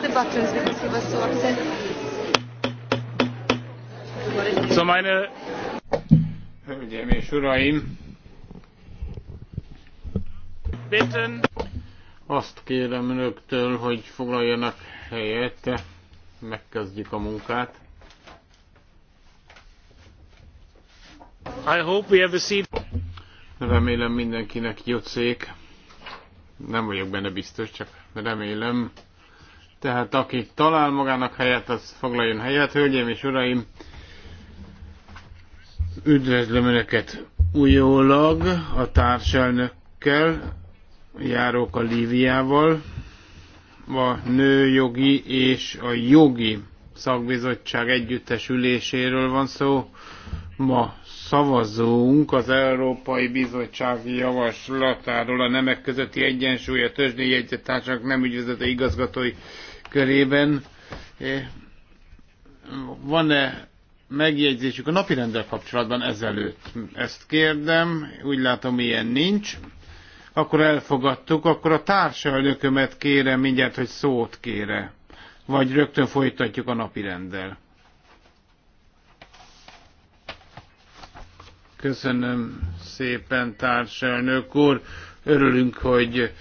for the buttons because he was so upset. So meine Hölgyeim és Uraim, bitten. Azt kérem önöktől, hogy foglaljanak helyet, megkezdjük a munkát. I hope we have a seat. Remélem mindenkinek jött szék. Nem vagyok benne biztos, csak remélem. Tehát aki talál magának helyet, az foglaljon helyet. Hölgyeim és uraim, üdvözlöm Önöket újólag a társelnökkel, járók a Líviával, a nőjogi és a jogi szakbizottság együttes üléséről van szó. Ma szavazunk az Európai bizottság Javaslatáról a nemek közötti egyensúly a Törzsdéjegyzettársak nem ügyvezető igazgatói körében. Van-e megjegyzésük a rendel kapcsolatban ezelőtt? Ezt kérdem, úgy látom, ilyen nincs. Akkor elfogadtuk, akkor a társelnökömet kérem mindjárt, hogy szót kére. Vagy rögtön folytatjuk a rendel. Köszönöm szépen, társelnök úr. Örülünk, hogy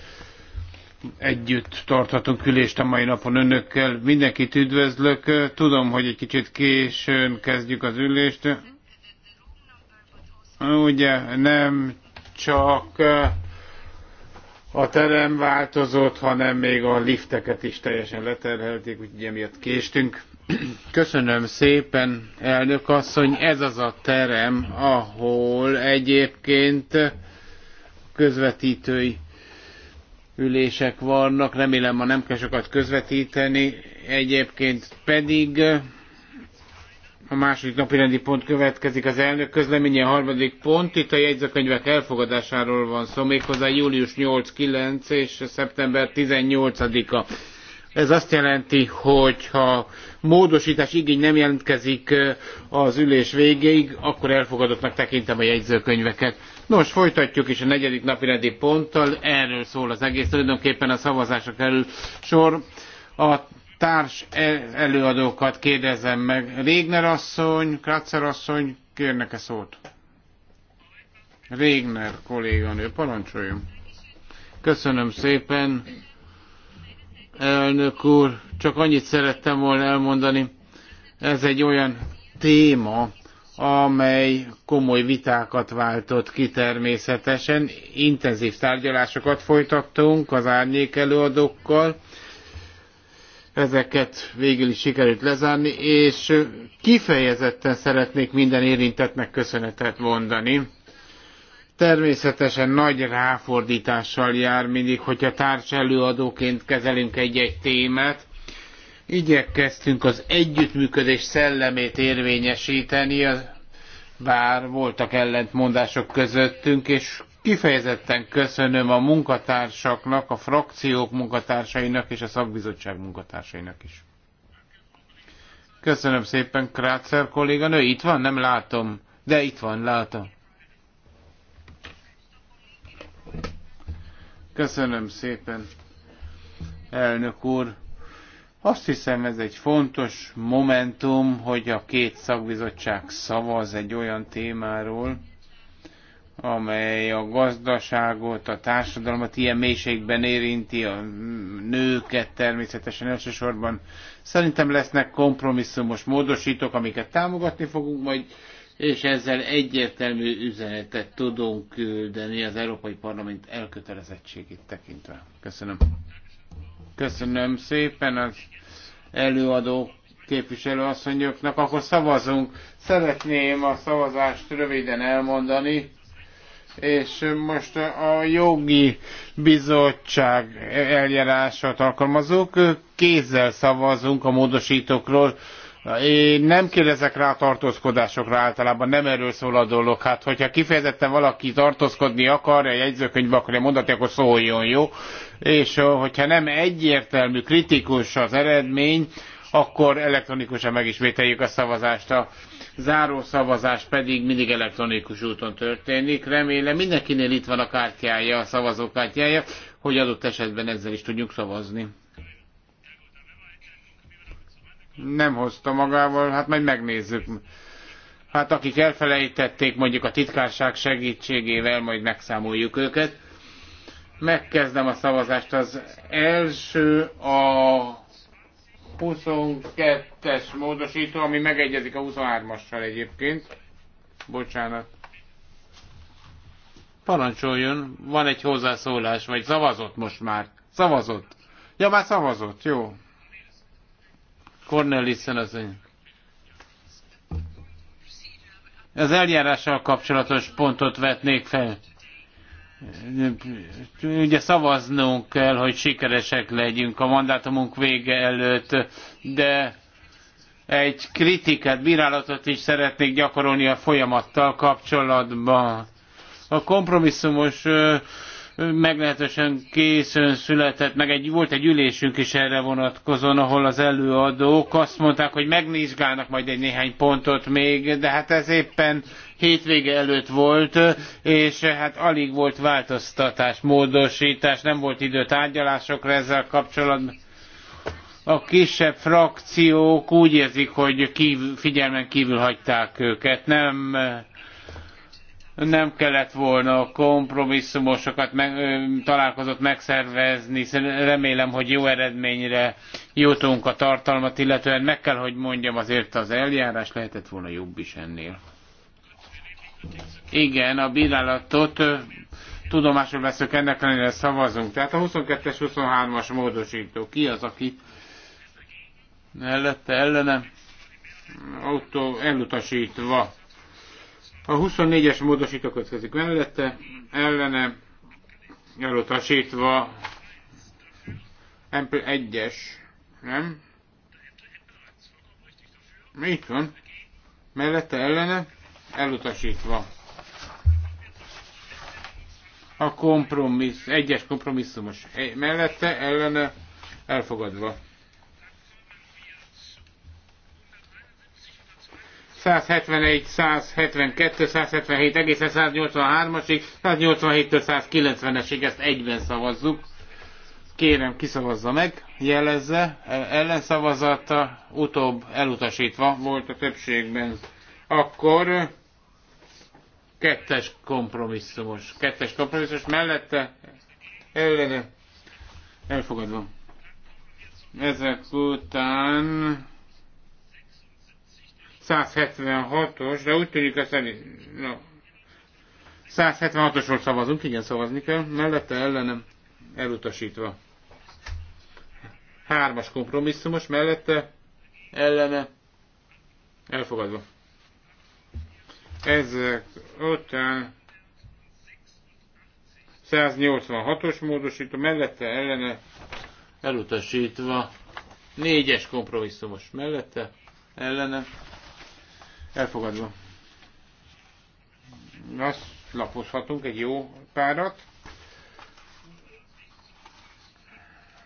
együtt tarthatunk ülést a mai napon önökkel. Mindenkit üdvözlök. Tudom, hogy egy kicsit későn kezdjük az ülést. Ugye nem csak a terem változott, hanem még a lifteket is teljesen leterhelték, úgyhogy emiatt késtünk. Köszönöm szépen, elnök asszony. Ez az a terem, ahol egyébként közvetítői ülések vannak, remélem ma nem kell sokat közvetíteni, egyébként pedig a második napi rendi pont következik az elnök közleménye, a harmadik pont, itt a jegyzőkönyvek elfogadásáról van szó, méghozzá július 8-9 és szeptember 18-a. Ez azt jelenti, hogy ha módosítás igény nem jelentkezik az ülés végéig, akkor elfogadottnak tekintem a jegyzőkönyveket. Nos, folytatjuk is a negyedik napirendi ponttal, erről szól az egész, tulajdonképpen a szavazásra kerül sor. A társ e- előadókat kérdezem meg. Régner asszony, Kratzer asszony, kérnek-e szót? Régner kolléganő, parancsoljon. Köszönöm szépen, elnök úr. Csak annyit szerettem volna elmondani. Ez egy olyan téma, amely komoly vitákat váltott ki természetesen. Intenzív tárgyalásokat folytattunk az árnyék előadókkal. Ezeket végül is sikerült lezárni, és kifejezetten szeretnék minden érintetnek köszönetet mondani. Természetesen nagy ráfordítással jár mindig, hogyha társ előadóként kezelünk egy-egy témát, igyekeztünk az együttműködés szellemét érvényesíteni, bár voltak ellentmondások közöttünk, és kifejezetten köszönöm a munkatársaknak, a frakciók munkatársainak és a szakbizottság munkatársainak is. Köszönöm szépen, Krácer kolléganő. Itt van? Nem látom. De itt van, látom. Köszönöm szépen, elnök úr. Azt hiszem ez egy fontos momentum, hogy a két szakbizottság szavaz egy olyan témáról, amely a gazdaságot, a társadalmat ilyen mélységben érinti, a nőket természetesen elsősorban. Szerintem lesznek kompromisszumos módosítók, amiket támogatni fogunk majd, és ezzel egyértelmű üzenetet tudunk küldeni az Európai Parlament elkötelezettségét tekintve. Köszönöm. Köszönöm szépen az előadó képviselő asszonyoknak. Akkor szavazunk. Szeretném a szavazást röviden elmondani. És most a jogi bizottság eljárását alkalmazók. Kézzel szavazunk a módosítókról. Én nem kérdezek rá a tartózkodásokra általában, nem erről szól a dolog. Hát, hogyha kifejezetten valaki tartózkodni akar, a jegyzőkönyvbe akarja mondani, akkor szóljon, jó? És hogyha nem egyértelmű, kritikus az eredmény, akkor elektronikusan megismételjük a szavazást. A záró szavazás pedig mindig elektronikus úton történik. Remélem mindenkinél itt van a kártyája, a szavazókártyája, hogy adott esetben ezzel is tudjuk szavazni nem hozta magával, hát majd megnézzük. Hát akik elfelejtették, mondjuk a titkárság segítségével, majd megszámoljuk őket. Megkezdem a szavazást. Az első a 22-es módosító, ami megegyezik a 23-assal egyébként. Bocsánat. Parancsoljon, van egy hozzászólás, vagy szavazott most már. Szavazott. Ja, már szavazott, jó. Cornelissen asszony. Az eljárással kapcsolatos pontot vetnék fel. Ugye szavaznunk kell, hogy sikeresek legyünk a mandátumunk vége előtt, de egy kritikát, bírálatot is szeretnék gyakorolni a folyamattal kapcsolatban. A kompromisszumos meglehetősen későn született, meg egy, volt egy ülésünk is erre vonatkozóan, ahol az előadók azt mondták, hogy megvizsgálnak majd egy néhány pontot még, de hát ez éppen hétvége előtt volt, és hát alig volt változtatás, módosítás, nem volt idő tárgyalásokra ezzel kapcsolatban a kisebb frakciók úgy érzik, hogy kívül, figyelmen kívül hagyták őket, nem nem kellett volna kompromisszumosokat meg, találkozót megszervezni, remélem, hogy jó eredményre jutunk a tartalmat, illetően meg kell, hogy mondjam, azért az eljárás lehetett volna jobb is ennél. Igen, a bírálatot tudomásul veszük, ennek ellenére szavazunk. Tehát a 22-es, 23-as módosító. Ki az, aki mellette, ellene? Autó elutasítva. A 24-es módosító következik mellette, ellene elutasítva mp 1-es, nem? Itt van. Mellette ellene elutasítva. A kompromissz, egyes kompromisszumos mellette ellene elfogadva. 171, 172, 177, egészen 183-asig, 187-től 190-esig, ezt egyben szavazzuk. Kérem, kiszavazza meg, jelezze, ellenszavazata utóbb elutasítva volt a többségben. Akkor kettes kompromisszumos. Kettes kompromisszumos mellette ellene elfogadva. Ezek után 176-os, de úgy tűnik, hogy szerint... No. 176-osról szavazunk, igen, szavazni kell. Mellette ellenem elutasítva. Hármas kompromisszumos, mellette ellene elfogadva. Ezek után 186-os módosító, mellette ellene elutasítva. Négyes kompromisszumos mellette ellene Elfogadva. Azt lapozhatunk egy jó párat.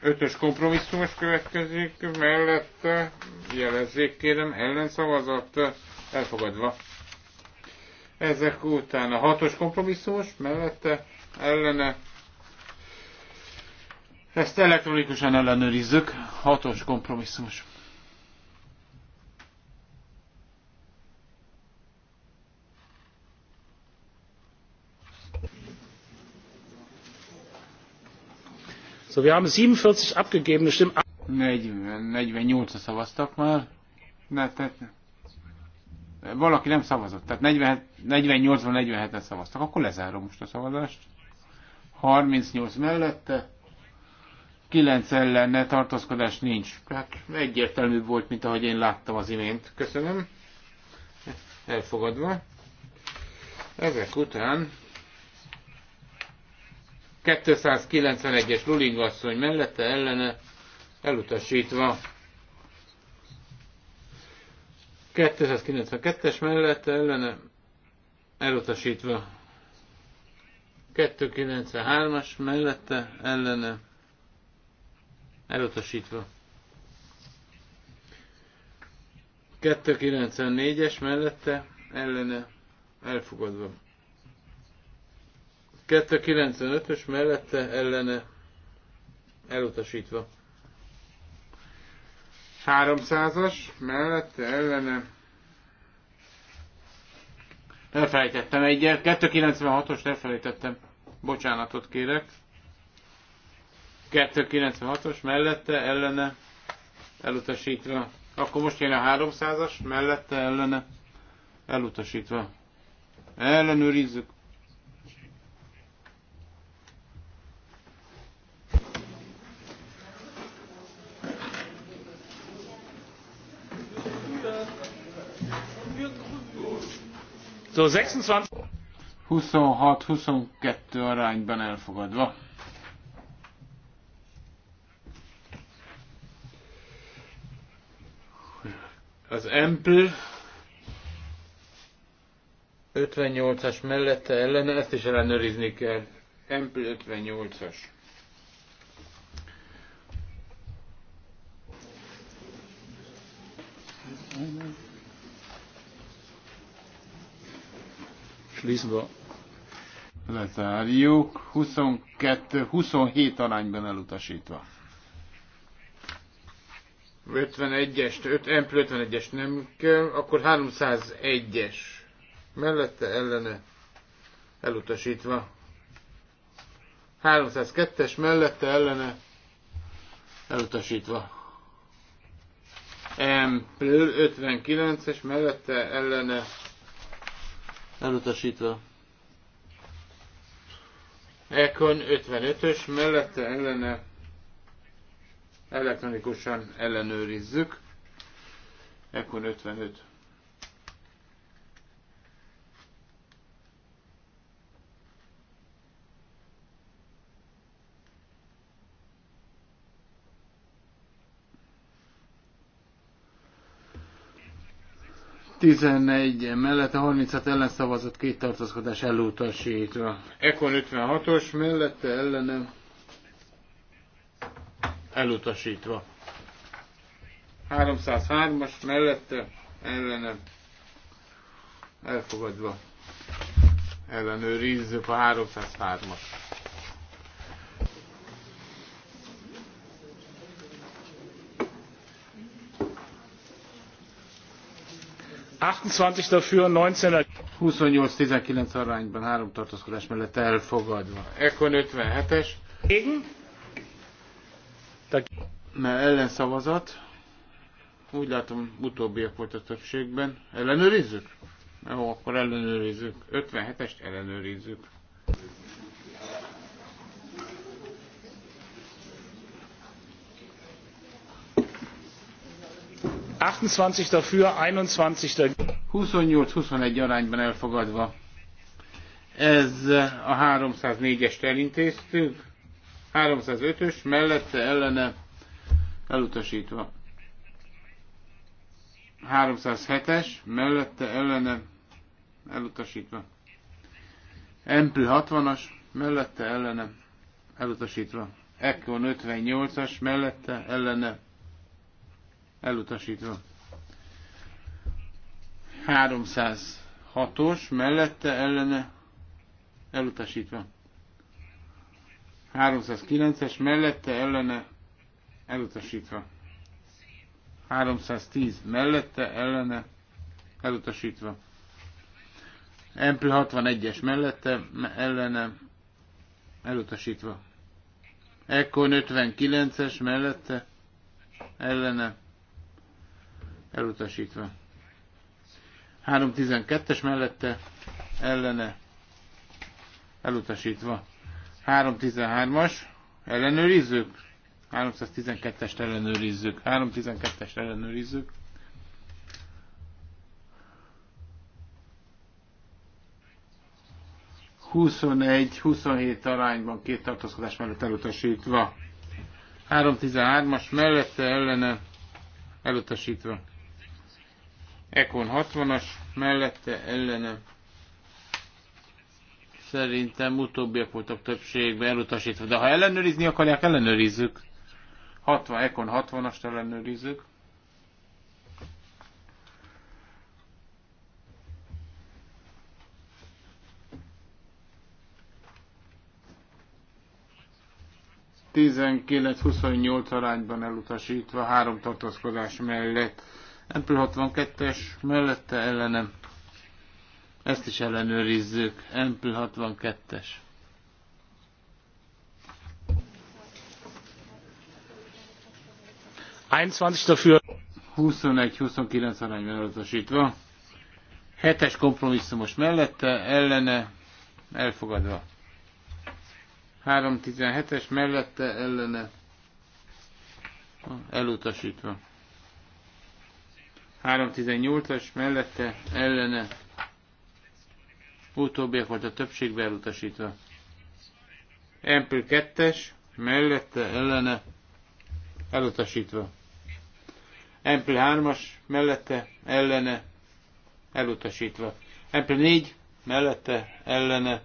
Ötös kompromisszumos következik, mellette jelezzék kérem ellenszavazat elfogadva. Ezek után a hatos kompromisszumos mellette ellene ezt elektronikusan ellenőrizzük. Hatos kompromisszumos. wir haben 47 abgegebene Stimmen. 40, 48 szavaztak már. Ne, te, valaki nem szavazott, tehát 48-ban 47-en szavaztak. Akkor lezárom most a szavazást. 38 mellette, 9 ellen, tartózkodás nincs. Tehát egyértelmű volt, mint ahogy én láttam az imént. Köszönöm. Elfogadva. Ezek után 291-es Luling asszony mellette ellene elutasítva. 292-es mellette ellene elutasítva. 293-as mellette ellene elutasítva. 294-es mellette ellene elfogadva. 295-ös mellette ellene elutasítva. 300-as mellette ellene elfelejtettem egyet, 296-os elfelejtettem, bocsánatot kérek. 296-os mellette ellene elutasítva. Akkor most jön a 300-as mellette ellene elutasítva. Ellenőrizzük. So 26. 26-22 arányban elfogadva. Az Empl 58-as mellette ellene, ezt is ellenőrizni kell. Empl 58-as. Lisba. Lezárjuk. 22-27 arányban elutasítva. 51 es 5 M 51-es nem kell, akkor 301-es. Mellette ellene elutasítva. 302-es mellette ellene elutasítva. M 59-es mellette ellene elutasítva. Ekon 55-ös mellette ellene elektronikusan ellenőrizzük. Ekon 55. 11 a 36 ellenszavazat, két tartózkodás elutasítva. Ekon 56-os mellette ellenem elutasítva. 303-as mellette ellenem elfogadva. Ellenőrizzük a 303-as. 28 dafür, 19 28-19 arányban három tartózkodás mellett elfogadva. Ekkor 57-es. Gegen? Mert ellenszavazat. Úgy látom, utóbbiak volt a többségben. Ellenőrizzük? Jó, akkor ellenőrizzük. 57-est ellenőrizzük. achtundzwanzig dafür einundzwanzig dagegen. twenty eight arányban elfogadva. Ez a 304-est elintéztük. 305-ös mellette ellene elutasítva. 307-es mellette ellene elutasítva. Empl 60-as mellette ellene elutasítva. Ekkor 58-as mellette ellene elutasítva. 306-os mellette ellene elutasítva. 309-es mellette ellene elutasítva. 310 mellette ellene elutasítva. MP 61-es mellette ellene elutasítva. Ekkor 59-es mellette ellene elutasítva. 3.12-es mellette ellene elutasítva. 3.13-as ellenőrizzük. 312-est ellenőrizzük. 312-est ellenőrizzük. 21 27 arányban két tartózkodás mellett elutasítva. 313-as mellette ellene elutasítva. Ekon 60-as, mellette ellenem. Szerintem utóbbiak voltak többségben elutasítva, de ha ellenőrizni akarják, ellenőrizzük. 60, Ekon 60-ast ellenőrizzük. Tizenkilenc-huszonnyolc arányban elutasítva, három tartózkodás mellett. MP62-es mellette ellenem. Ezt is ellenőrizzük. MP62-es. dafür. 21-29 arányban utasítva. 7-es kompromisszumos mellette, ellene, elfogadva. 17 es mellette, ellene, elutasítva. 318-as mellette ellene utóbbiak volt a többségbe elutasítva. mp 2-es mellette ellene elutasítva. mp 3-as mellette ellene elutasítva. mp 4 mellette ellene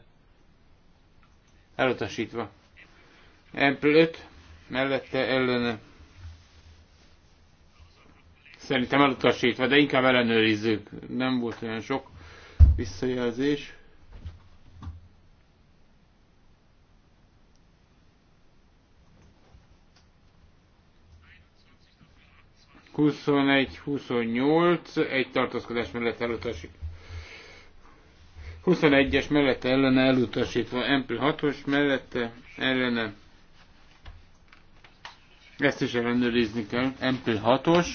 elutasítva. mp 5 mellette ellene Szerintem elutasítva, de inkább ellenőrizzük. Nem volt olyan sok visszajelzés. Huszonegy, huszonnyolc, egy tartózkodás mellett elutasítva. 21-es mellette ellene elutasítva, MP6-os mellette ellene. Ezt is ellenőrizni kell. MP6-os.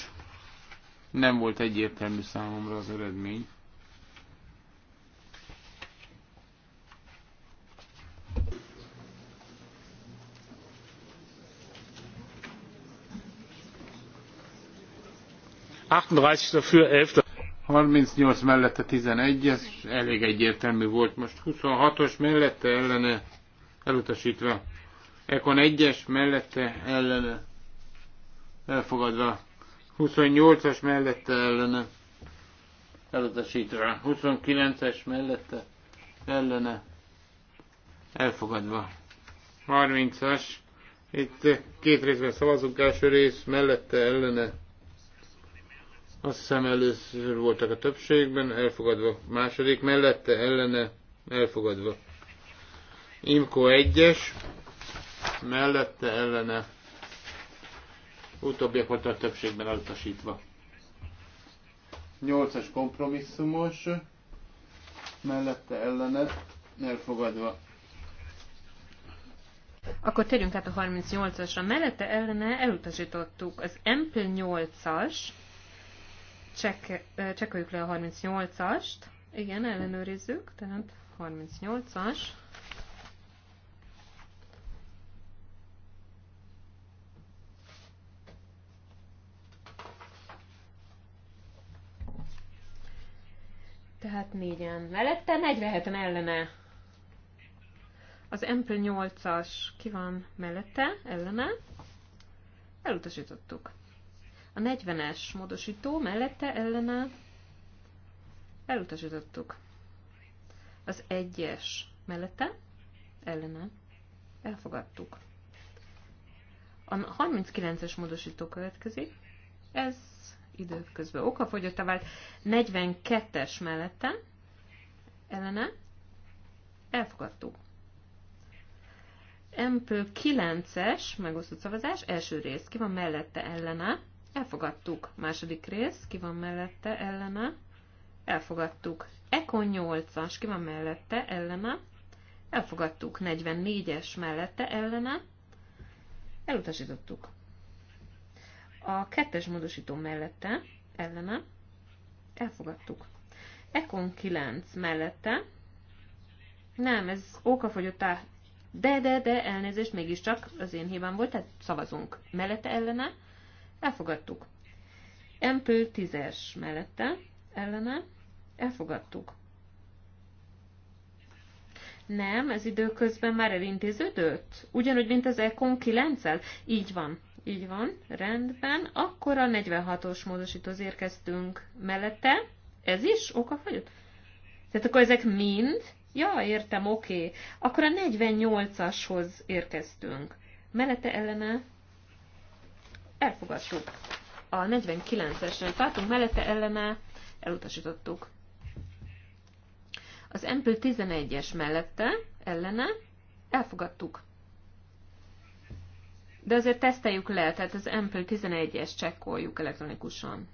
Nem volt egyértelmű számomra az eredmény. dafür, 11. 38 mellette 11, ez elég egyértelmű volt most. 26-os mellette ellene elutasítva. Ekon 1-es mellette ellene elfogadva. 28-as mellette ellene elutasítva. 29-es mellette ellene elfogadva. 30-as. Itt két részben szavazunk. Első rész mellette ellene. Azt hiszem először voltak a többségben, elfogadva. Második mellette ellene elfogadva. Imko 1-es mellette ellene utóbbiak volt a többségben elutasítva. 8-as kompromisszumos, mellette ellened elfogadva. Akkor térjünk át a 38-asra. Mellette ellene elutasítottuk az MP 8-as, Csek, csekkoljuk le a 38-ast, igen, ellenőrizzük, tehát 38-as. Tehát négyen mellette, 47-en ellene. Az MP 8-as ki van mellette, ellene. Elutasítottuk. A 40-es módosító mellette, ellene. Elutasítottuk. Az 1-es mellette, ellene. Elfogadtuk. A 39-es módosító következik. Ez időközben okafogyottá vált. 42-es mellettem ellene elfogadtuk. Empő 9-es megosztott szavazás, első rész, ki van mellette ellene, elfogadtuk. Második rész, ki van mellette ellene, elfogadtuk. Ekon 8-as, ki van mellette ellene, elfogadtuk. 44-es mellette ellene, elutasítottuk. A kettes módosító mellette, ellene, elfogadtuk. Ekon 9 mellette, nem, ez ókafogyottá, de, de, de, elnézést, mégiscsak az én hibám volt, tehát szavazunk. Mellette, ellene, elfogadtuk. Empő 10-es mellette, ellene, elfogadtuk. Nem, ez időközben már elintéződött? Ugyanúgy, mint az Econ 9 -el? Így van. Így van, rendben. Akkor a 46-os módosítóz érkeztünk mellette. Ez is okafogyott? Tehát akkor ezek mind? Ja, értem, oké. Okay. Akkor a 48-ashoz érkeztünk. Mellette ellene elfogadtuk. A 49-esre tartunk, mellette ellene elutasítottuk. Az mp 11-es mellette ellene elfogadtuk. De azért teszteljük le, tehát az MP 11-es csekkoljuk elektronikusan.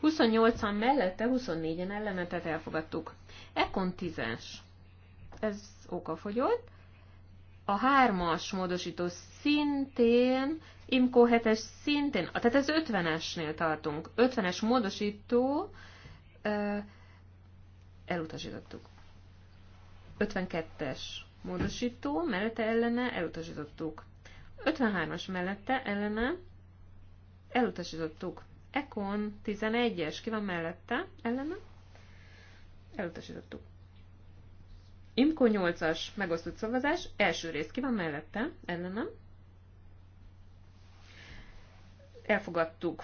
Huszonnyolcan mellette, 24-en ellenetet elfogadtuk. Ekon 10-es. Ez okafogyott a hármas módosító szintén, IMCO 7-es szintén, tehát az 50-esnél tartunk. 50-es módosító elutasítottuk. 52-es módosító, mellette ellene elutasítottuk. 53-as mellette ellene elutasítottuk. Ekon 11-es, ki van mellette ellene? Elutasítottuk. Imko 8-as megosztott szavazás, első rész ki van mellette, ellenem. Elfogadtuk,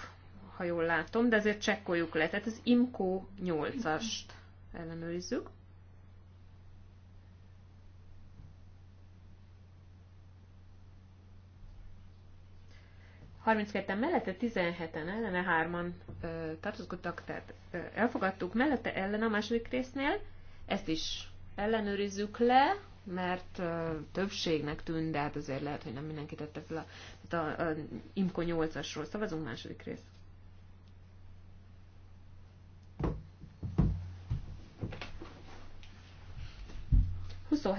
ha jól látom, de azért csekkoljuk le. Tehát az Imko 8-ast ellenőrizzük. en mellette 17-en ellene, 3-an tartozkodtak, tehát ö, elfogadtuk mellette ellen a második résznél, ezt is ellenőrizzük le, mert többségnek tűnt, de hát azért lehet, hogy nem mindenki tette fel a, a, a IMKO 8-asról. Szavazunk második rész.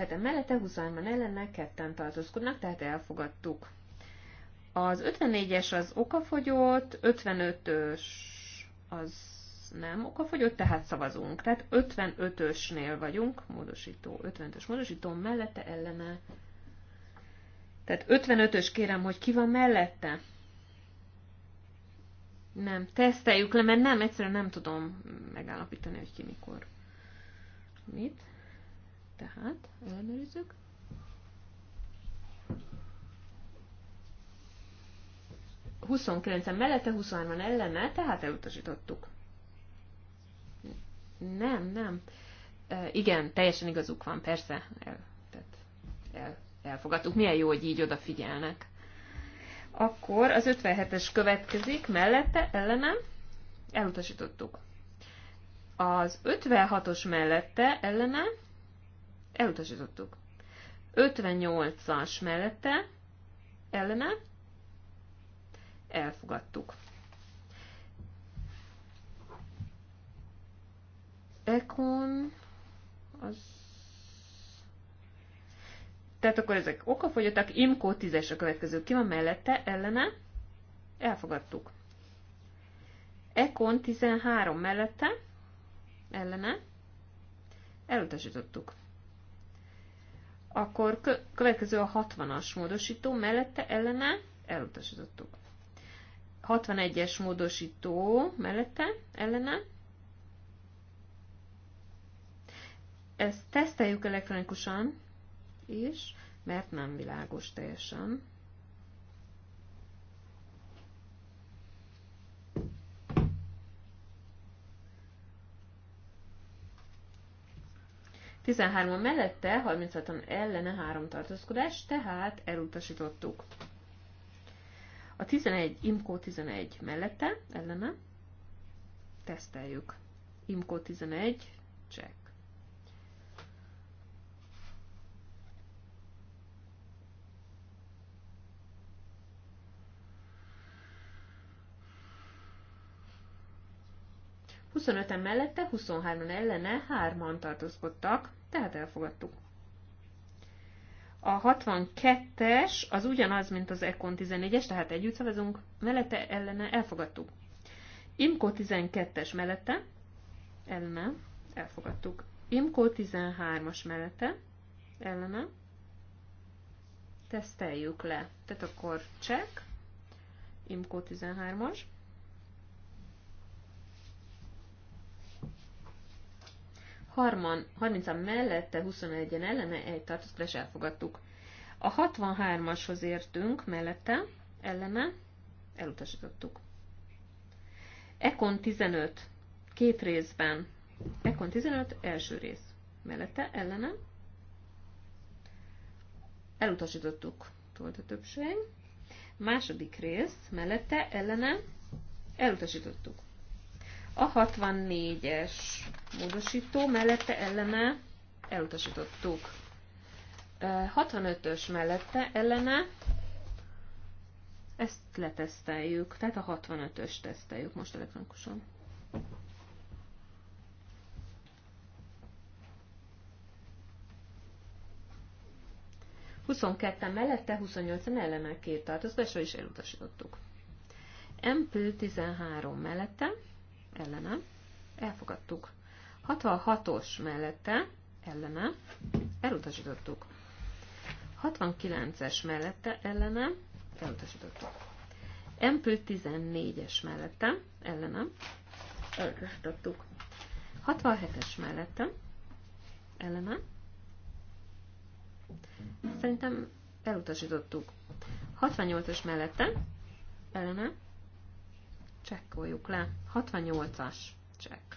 en mellette, 23-an ellennel, ketten tartózkodnak, tehát elfogadtuk. Az 54-es az okafogyott, 55-ös az nem okafogyott, tehát szavazunk. Tehát 55-ösnél vagyunk, módosító, 55-ös módosító mellette ellene. Tehát 55-ös kérem, hogy ki van mellette? Nem, teszteljük le, mert nem, egyszerűen nem tudom megállapítani, hogy ki mikor. Mit? Tehát ellenőrizzük. Huszonkilencen mellette, 23-an ellene, tehát elutasítottuk. Nem, nem. E, igen, teljesen igazuk van, persze. El, tehát el, elfogadtuk. Milyen jó, hogy így odafigyelnek. Akkor az 57-es következik, mellette, ellenem, elutasítottuk. Az 56-os mellette, ellenem, elutasítottuk. 58-as mellette, ellenem. elfogadtuk. dekon, az... Tehát akkor ezek okafogyottak, Imco 10-es a következő. Ki van mellette, ellene? Elfogadtuk. Ekon 13 mellette, ellene? Elutasítottuk. Akkor kö következő a 60-as módosító, mellette, ellene? Elutasítottuk. 61-es módosító mellette, ellene, Ezt teszteljük elektronikusan is, mert nem világos teljesen. Tizenhárma mellette, 36-an ellene három tartózkodás, tehát elutasítottuk. A 11, IMCO 11 mellette, ellene, teszteljük. IMCO 11, check. 25-en mellette, 23-an ellene, 3-an tartózkodtak, tehát elfogadtuk. A 62-es az ugyanaz, mint az Econ 14-es, tehát együtt szavazunk, mellette, ellene, elfogadtuk. Imco 12-es mellette, ellene, elfogadtuk. Imco 13-as mellette, ellene, teszteljük le. Tehát akkor check, Imco 13-as, 30 30-an mellette, 21-en ellene, egy tartózkodás elfogadtuk. A 63-ashoz értünk mellette, ellene, elutasítottuk. Ekon 15, két részben. Ekon 15, első rész. Mellette, ellene. Elutasítottuk, volt a többség. Második rész, mellette, ellene, elutasítottuk. A 64-es módosító mellette ellene elutasítottuk. 65-ös mellette ellene ezt leteszteljük, tehát a 65-ös teszteljük most elektronikusan. Huszonketten mellette, 28-en ellene két tartózkodásra is elutasítottuk. Empl 13 mellette, ellene, elfogadtuk. 66-os mellette, ellene, elutasítottuk. 69-es mellette, ellene, elutasítottuk. Empül 14-es mellette, ellene, elutasítottuk. 67-es mellette, ellene, szerintem elutasítottuk. 68-as mellette, ellene, Csekkoljuk le. 68-as csekk.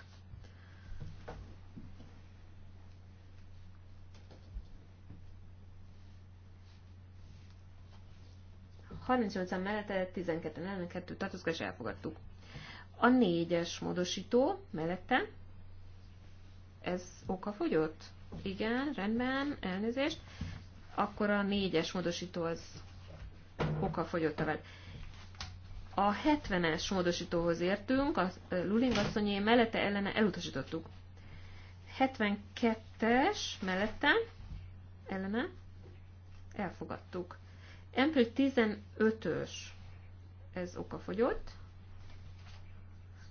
an mellette 12 ellen 2 tartózkodás elfogadtuk. A négyes módosító mellette ez oka fogyott? Igen, rendben, elnézést. Akkor a négyes módosító az oka fogyott a a 70-es módosítóhoz értünk, a Luling asszonyé mellette ellene elutasítottuk. 72-es mellette ellene elfogadtuk. Empl 15-ös ez okafogyott.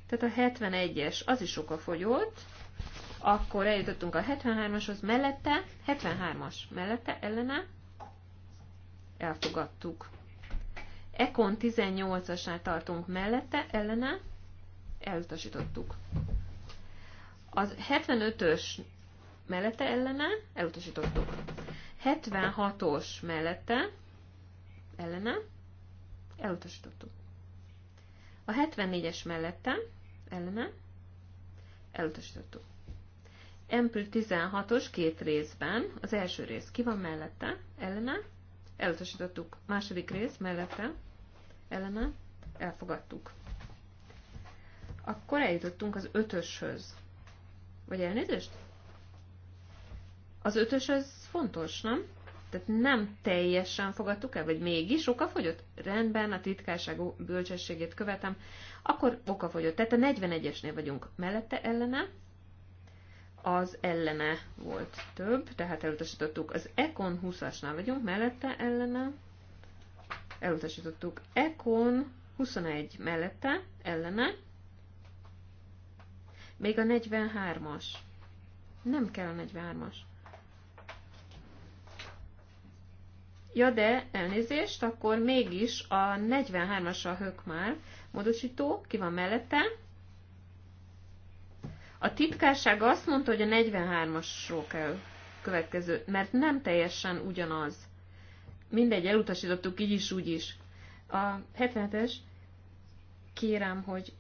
Tehát a 71-es az is okafogyott. Akkor eljutottunk a 73-ashoz mellette, 73-as mellette ellene elfogadtuk. Ekon 18-asnál tartunk mellette, ellene elutasítottuk. Az 75-ös mellette ellene elutasítottuk. 76-os mellette ellene elutasítottuk. A 74-es mellette ellene elutasítottuk. Empl 16-os két részben, az első rész ki van mellette, ellene, elutasítottuk. Második rész mellette, ellene, elfogadtuk. Akkor eljutottunk az ötöshöz. Vagy elnézést? Az ötös az fontos, nem? Tehát nem teljesen fogadtuk el, vagy mégis okafogyott? Rendben, a titkárság bölcsességét követem. Akkor okafogyott. Tehát a 41-esnél vagyunk mellette ellene, az ellene volt több, tehát elutasítottuk. Az Econ 20-asnál vagyunk, mellette ellene elutasítottuk. Econ 21 mellette ellene, még a 43-as. Nem kell a 43-as. Ja, de elnézést, akkor mégis a 43-as a hökmár módosító, ki van mellette, a titkárság azt mondta, hogy a 43-asról kell következő, mert nem teljesen ugyanaz. Mindegy, elutasítottuk így is, úgy is. A 77-es, kérem, hogy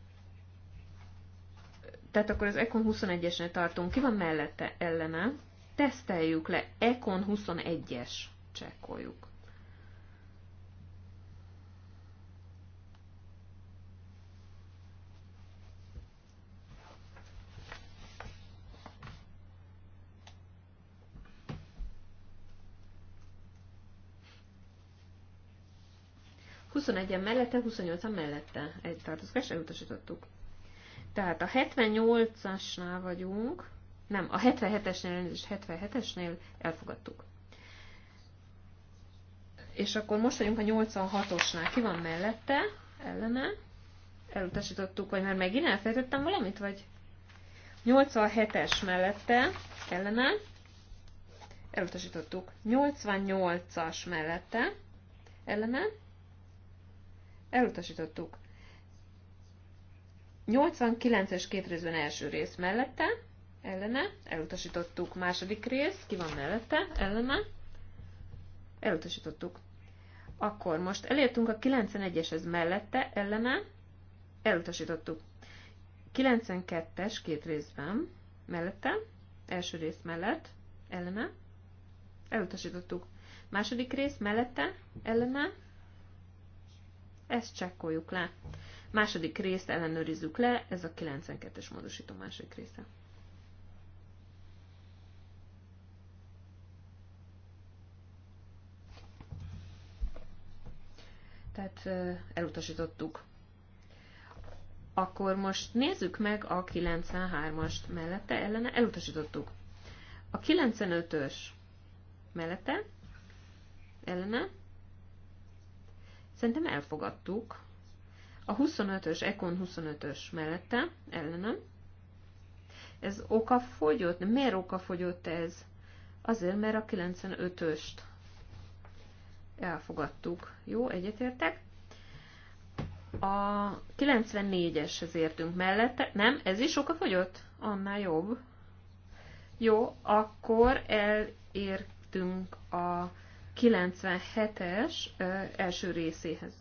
tehát akkor az Econ 21-esnél tartunk. Ki van mellette ellene? Teszteljük le. Econ 21-es. Csekkoljuk. 21-en mellette, 28-an mellette egy tartózkodás elutasítottuk. Tehát a 78-asnál vagyunk, nem, a 77-esnél és 77-esnél elfogadtuk. És akkor most vagyunk a 86-osnál. Ki van mellette? Ellene? Elutasítottuk, vagy már megint elfelejtettem valamit, vagy? 87-es mellette, ellene, elutasítottuk. 88-as mellette, ellene, elutasítottuk. 89-es két részben első rész mellette, ellene, elutasítottuk. Második rész, ki van mellette, ellene, elutasítottuk. Akkor most elértünk a 91-eshez mellette, ellene, elutasítottuk. 92-es két részben, mellette, első rész mellett, ellene, elutasítottuk. Második rész mellette, ellene, ezt csekkoljuk le. Második részt ellenőrizzük le, ez a 92-es módosító második része. Tehát elutasítottuk. Akkor most nézzük meg a 93-ast mellette, ellene elutasítottuk. A 95-ös mellette, ellene Szerintem elfogadtuk. A 25-ös, Econ 25-ös mellette, ellenem. Ez oka fogyott? Miért oka fogyott ez? Azért, mert a 95-öst elfogadtuk. Jó, egyetértek? A 94-eshez értünk mellette. Nem, ez is oka fogyott? Annál jobb. Jó, akkor elértünk a 97-es első részéhez.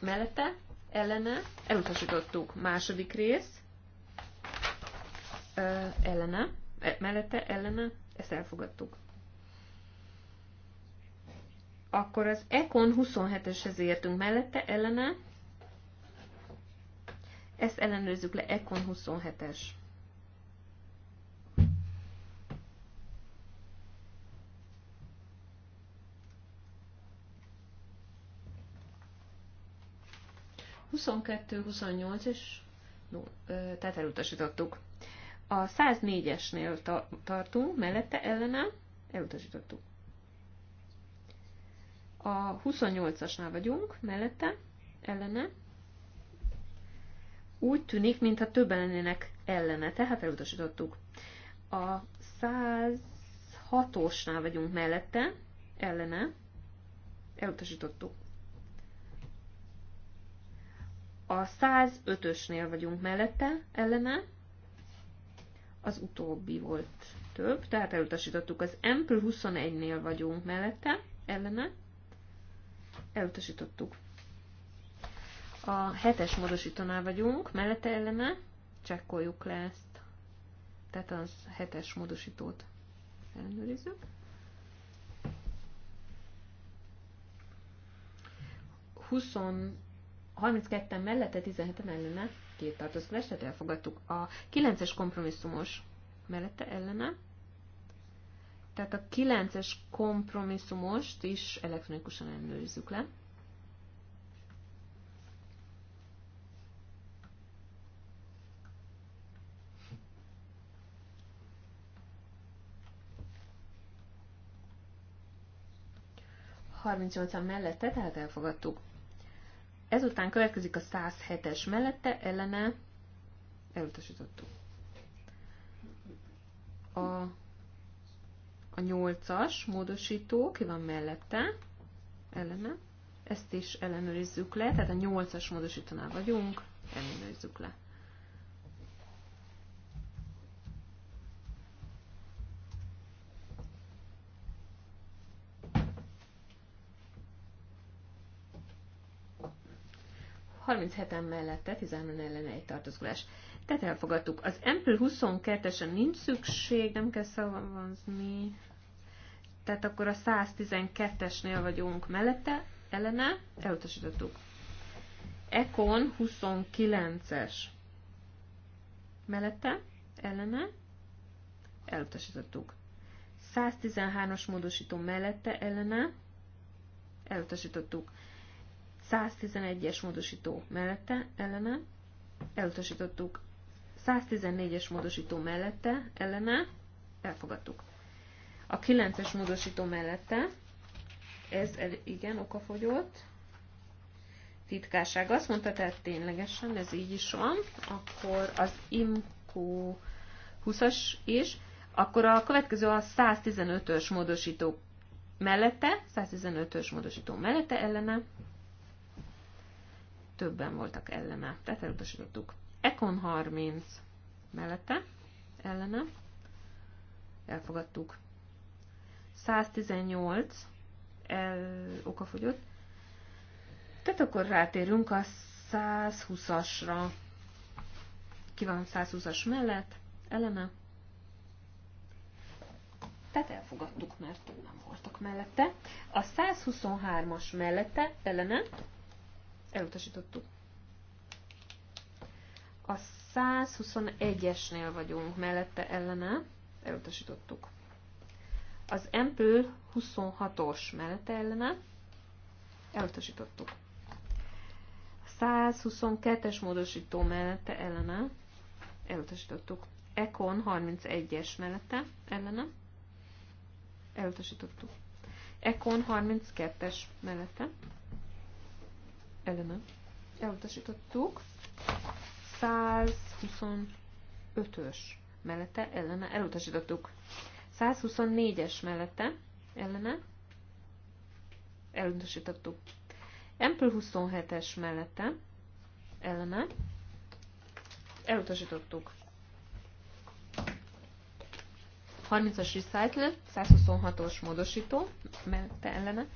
Mellette, ellene, elutasítottuk második rész, ö, ellene, e, mellette, ellene, ezt elfogadtuk. Akkor az Econ 27-eshez értünk mellette, ellene, ezt ellenőrzzük le, Econ 27-es. 22-28 és no, tehát elutasítottuk. A 104-esnél ta- tartunk, mellette ellene elutasítottuk. A 28-asnál vagyunk, mellette ellene. Úgy tűnik, mintha többen lennének ellene, tehát elutasítottuk. A 106-osnál vagyunk mellette, ellene, elutasítottuk. A 105-ösnél vagyunk mellette, ellene. Az utóbbi volt több, tehát elutasítottuk. Az M 21-nél vagyunk mellette, ellene. Elutasítottuk. A 7-es módosítónál vagyunk, mellette ellene. Csekkoljuk le ezt. Tehát az 7-es módosítót ellenőrizzük. Huszon 32-en mellette, 17-en ellene, két tartózkodás, tehát elfogadtuk a 9-es kompromisszumos mellette ellene. Tehát a 9-es kompromisszumost is elektronikusan ellenőrizzük le. Harmincnyolcan mellette, tehát elfogadtuk. Ezután következik a 107-es mellette, ellene elutasítottuk. A, a 8-as módosító, ki van mellette, ellene, ezt is ellenőrizzük le, tehát a 8-as módosítónál vagyunk, ellenőrizzük le. 37-en mellette, 13 ellene egy tartózkodás. Tehát elfogadtuk. Az Ample 22-esen nincs szükség, nem kell szavazni. Tehát akkor a 112-esnél vagyunk mellette, ellene, elutasítottuk. Econ 29-es mellette, ellene, elutasítottuk. 113-as módosító mellette, ellene, elutasítottuk. 111-es módosító mellette ellene, elutasítottuk. 114-es módosító mellette ellene, elfogadtuk. A 9-es módosító mellette, ez el igen, okafogyott, titkárság azt mondta, tehát ténylegesen ez így is van, akkor az IMCO 20-as is, akkor a következő a 115-ös módosító mellette, 115-ös módosító mellette ellene többen voltak ellene, tehát elutasítottuk. Econ 30 mellette, ellene, elfogadtuk. 118 el, okafogyott. Tehát akkor rátérünk a 120-asra. Ki van 120-as mellett? Elene. Tehát elfogadtuk, mert nem voltak mellette. A 123-as mellette, Elene. Elutasítottuk. A 121-esnél vagyunk, mellette ellene. Elutasítottuk. Az empül 26-os mellette ellene. Elutasítottuk. 122-es módosító mellette ellene. Elutasítottuk. Econ 31-es mellette ellene. Elutasítottuk. Econ 32-es mellette eleme. elutasítottuk. 125-ös mellette ellene elutasítottuk. 124-es mellette ellene elutasítottuk. Ample 27-es mellette ellene elutasítottuk. 30-as recycle, 126-os módosító mellette ellene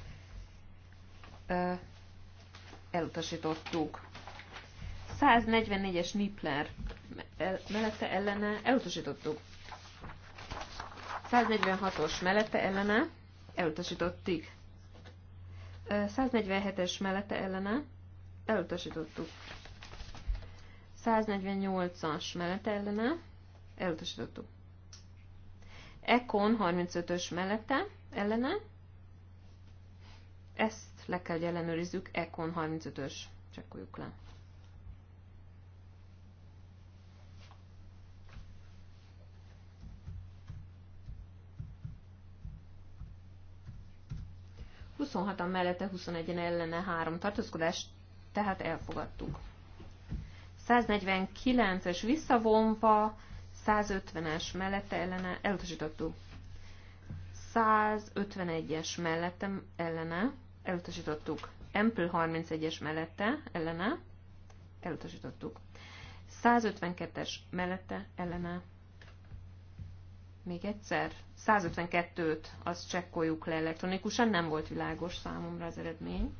elutasítottuk. 144-es Nipler mellette ellene elutasítottuk. 146-os mellette ellene elutasítottuk. 147-es mellette ellene elutasítottuk. 148-as mellette ellene elutasítottuk. Ekon 35-ös mellette ellene ezt le kell, hogy ellenőrizzük, Econ 35-ös, csekkoljuk le. Huszonhatan mellette, 21-en ellene, 3 tartózkodás, tehát elfogadtuk. 149-es visszavonva, 150-es mellette ellene, elutasítottuk. 151-es mellette ellene, elutasítottuk. Ample 31-es mellette, ellene, elutasítottuk. 152-es mellette, ellene, még egyszer, 152-t azt csekkoljuk le elektronikusan, nem volt világos számomra az eredmény.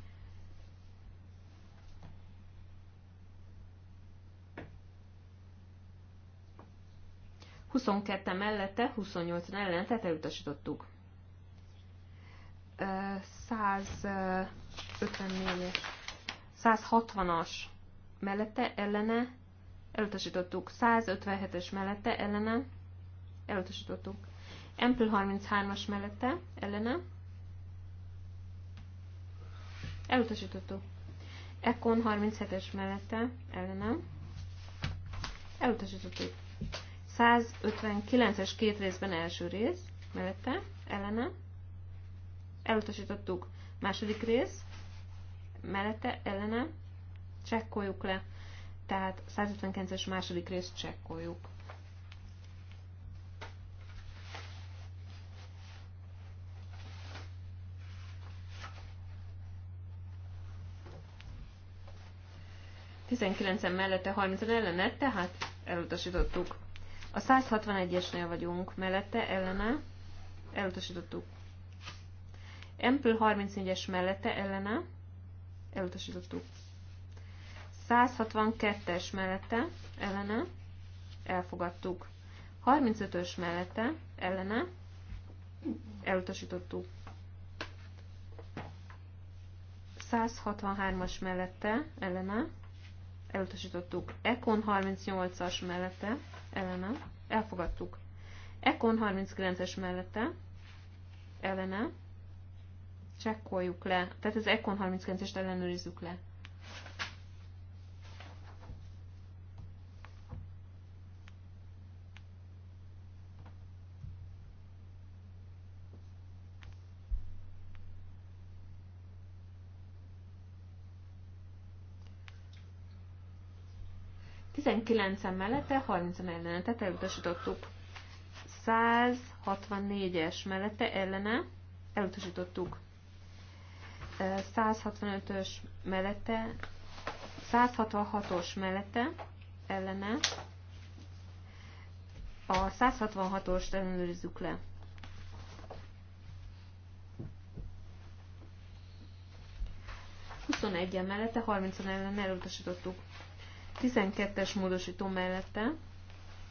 Huszonkette mellette, 28 ellen, tehát elutasítottuk. 154-es, 160-as mellette ellene elutasítottuk, 157-es mellette ellene elutasítottuk, Ample 33-as mellette ellene elutasítottuk, Econ 37-es mellette ellene elutasítottuk, 159-es két részben első rész mellette ellene elutasítottuk. Második rész, mellette, ellene, csekkoljuk le, tehát 159-es második részt csekkoljuk. Tizenkilencen mellette, 30 ellene, tehát elutasítottuk. A 161-esnél vagyunk, mellette, ellene, elutasítottuk. Empl 34-es mellette ellene elutasítottuk. 162-es mellette ellene elfogadtuk. 35-ös mellette ellene elutasítottuk. 163-as mellette ellene elutasítottuk. Econ 38-as mellette ellene elfogadtuk. Econ 39-es mellette ellene csekkoljuk le, tehát az Econ 39-est ellenőrizzük le. Tizenkilencen mellette, 30-en ellene, tehát elutasítottuk. 164-es mellette ellene, elutasítottuk. 165-ös mellette, 166-os mellette ellene. A 166-ost ellenőrizzük le. en mellette, 30-an ellen elutasítottuk. 12-es módosító mellette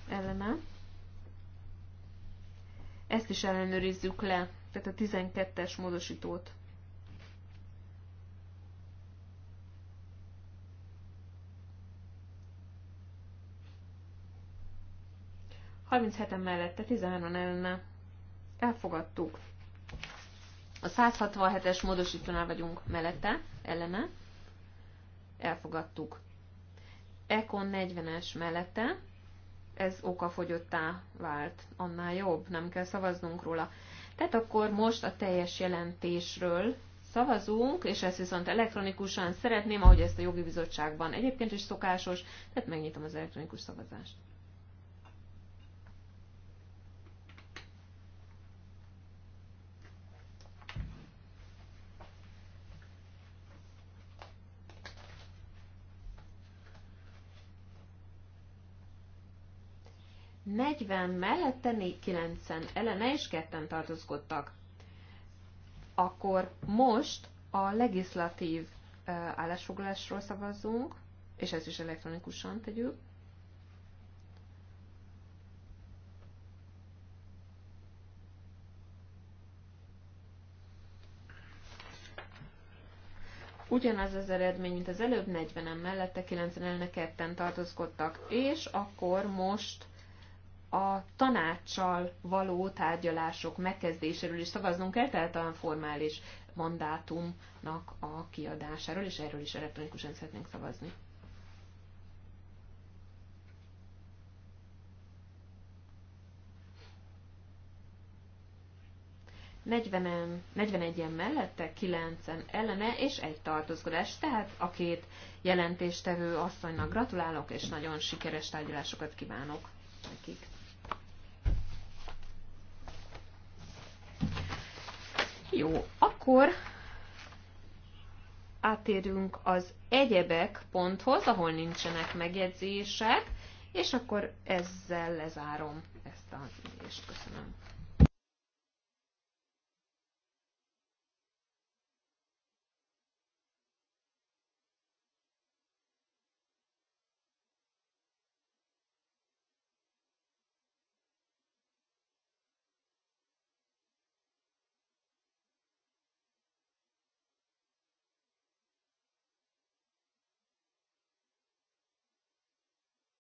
ellene. Ezt is ellenőrizzük le, tehát a 12-es módosítót. 37-en mellette, 13-an ellene. Elfogadtuk. A 167-es módosítónál vagyunk mellette, ellene. Elfogadtuk. Econ 40-es mellette. Ez okafogyottá vált. Annál jobb, nem kell szavaznunk róla. Tehát akkor most a teljes jelentésről szavazunk, és ezt viszont elektronikusan szeretném, ahogy ezt a jogi bizottságban egyébként is szokásos, tehát megnyitom az elektronikus szavazást. 40 mellette, 9 en ellene és ketten tartózkodtak. Akkor most a legislatív állásfoglalásról szavazunk, és ezt is elektronikusan tegyük. ugyanaz az eredmény, mint az előbb 40-en mellette, 90 en ketten tartózkodtak, és akkor most a tanácssal való tárgyalások megkezdéséről is szavaznunk kell, tehát a formális mandátumnak a kiadásáról, és erről is elektronikusan szeretnénk szavazni. Negyvenen, 41-en mellette, 9 ellene, és egy tartózkodás. Tehát a két jelentéstevő asszonynak gratulálok, és nagyon sikeres tárgyalásokat kívánok nekik. Jó, akkor átérünk az egyebek ponthoz, ahol nincsenek megjegyzések, és akkor ezzel lezárom ezt az ülést. Köszönöm.